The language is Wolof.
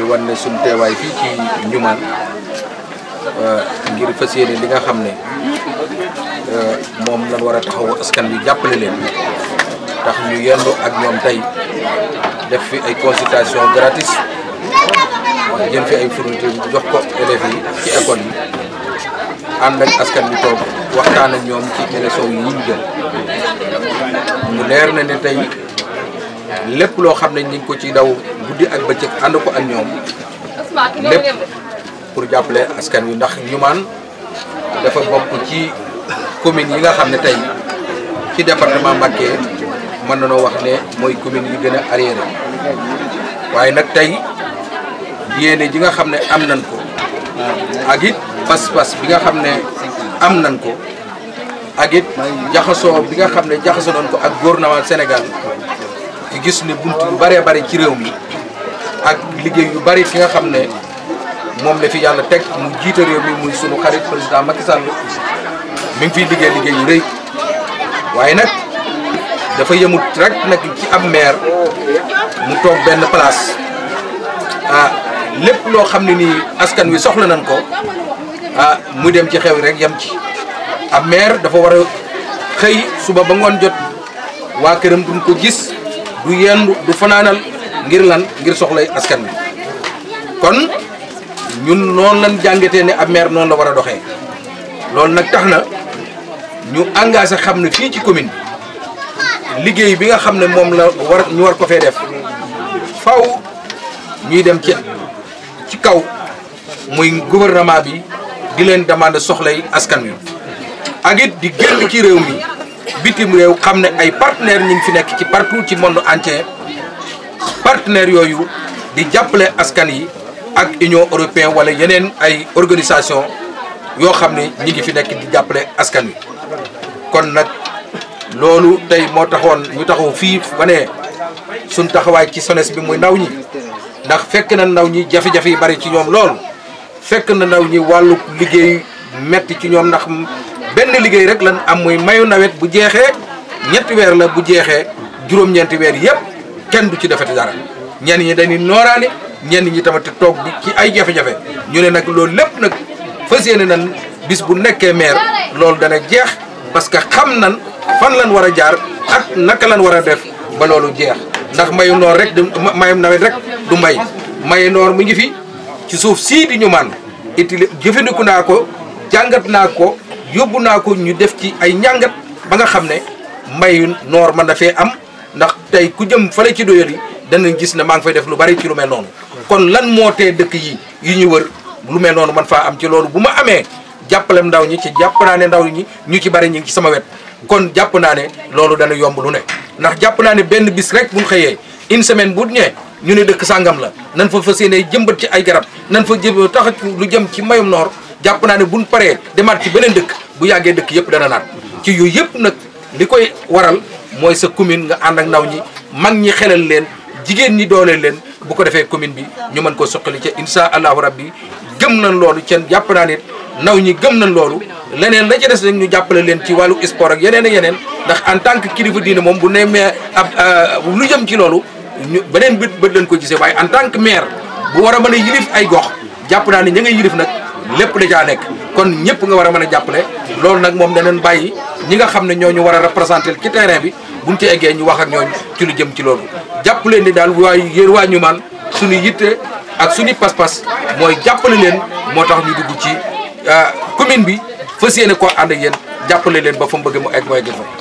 di wan ne suñu teewaay fii ci ñumaan euh, ngir fa yéene li nga xam ne euh, moom la war a taxawu askan bi jàppale leen tax ñu yendu ak ñoom tey def fi ay consultation gratis jël fi ay fourniture jox ko élèves yi ci école yi ànd ak askan bi toog waxtaan ak ñoom ci élection yi ñu jël mu leer na ne tey lépp loo xam ne ñu ko ci daw guddi ak bëccëg ànd ko ak ñoom lépp pour jàppale askan wi ndax Ndioumane dafa bokk ci communes yi nga xam ne tey ci département Mbacké mën nañoo wax ne mooy commune yi gën a arriéré waaye nag tey yéene ji nga xam ne am nañ ko ak it pas bi nga xam ne am nañ ko ak it jaxasoo bi nga xam ne jaxasoo nañ ko ak gouvernement Sénégal ci gis ne bunt yu bëree bëri ci réew mi ak liggéey yu bëri fi nga xam ne moom la fi yàlla teg mu jiite réew mi muy sunu xarit président Macky Sall mi ngi fiy liggéey liggéey yu waaye nag dafa yemut rek nag ci ab maire mu toog benn place ah, lépp loo xam ne nii askan wi soxla nañ ko ah, mu dem ci xew rek yam ci ab maire dafa war a xëy suba ba ngoon jot waa këram duñ ko gis du yendu du fanaanal ngir lan ngir soxlay askan bi kon ñun noonu lañ jàngatee ne ab maire noonu la war a doxe loolu nag tax na ñu engagé xam ne fii ci commune liggéey bi nga xam ne moom la war ñu war ko fee def faw ñuy dem ci ci kaw muy gouvernement bi di leen demande soxlay askan wi ak di génn ci réew mi bitim réew xam ne ay partenaires ñu ngi fi nekk ci parte ci monde entier partenaires yooyu di jàppale askan yi ak union européenne wala yeneen ay organisation yoo xam ne ñi fi nekk di jàppale askan wi kon nag loolu tey moo taxoon ñu taxaw fii wane suñ taxawaay ci SONES bi muy ndaw ñi ndax fekk na ndaw ñi jafe-jafe yi bari ci ñoom lool fekk na ndaw ñi wàllu liggéey metti ci ñoom ndax benn liggéey rek lan amuy mayu nawet bu jeexee ñetti weer la bu jeexee juróom-ñeenti weer yëpp kenn du ci defati dara ñenn ñi dañuy nooraani ñenn ñi tamit toog bi ci ay jafe-jafe ñu ne nag loolu lépp nag fas yéene nan bis bu nekkee maire loolu dana jeex parce que xam nan fan lan war a jaar ak naka lan war a def ba loolu jeex ndax mayu noor rek du mayu nawet rek du mbay mayu noor mu ngi fi ci suuf si di ñu maan itili jëfandiku naa ko jàngat naa ko yóbbu naa ko ñu def ci ay njàngat ba nga xam ne mbayu noor mën na fee am ndax tey ku jëm fale ci doyal dana gis ne maa ngi fay def lu bari ci lu mel noonu kon lan moo tee dëkk yi yi ñu wër lu mel noonu man faa am ci loolu bu ma amee jàppalem ndaw ñi ci jàpp naa ne ndaw ñi ñu ci bari ñu ngi ci sama wet kon jàpp naa ne loolu dana yomb lu ne ndax jàpp naa ne benn bis rek buñ xëyee une semaine bu ñee ñu ne dëkk sàngam la nan fa fas yéene jëmbat ci ay garab nan fa jëm tax lu jëm ci mbayum noor jàpp naa ne buñ paree demaat ci beneen dëkk bu yàggee dëkk yëpp dana naat ci yooyu yëpp nag li koy waral mooy sa commune nga ànd ak ndaw ñi mag ñi xelal leen jigéen ñi dooleel leen bu ko defee commune bi ñu mën koo suqali ca insha allahu rabbi gëm nañ loolu ceen jàpp naa ne ndaw ñi gëm nañ loolu leneen la des nag ñu jàppale leen ci wàllu sport ak yeneen yeneen ndax en tant que kilifa diine moom bu ne mais ab euh, lu ci loolu ñu beneen bët bët lañ ko gisee waaye en tant que maire bu war a mën a yilif ay gox jàpp naa ne ña ngay yilif nag lépp da caa nekk kon ñëpp nga war a mën a jàppale loolu nag moom daneen bàyyi ñi nga xam ne ñooñu war a représenté ci terrain bi bu buñ ci eggee ñu wax ak ñooñu ci lu jëm ci loolu jàpp leen ni daal waaye yéen waa ñu maan suñu yitte ak suñu pas-pas mooy jàppale leen moo tax ñu dugg ci euh, commune bi fas yéene koo ànd ak yéen jàppale leen ba fa mu bëgg mu egg mooy fa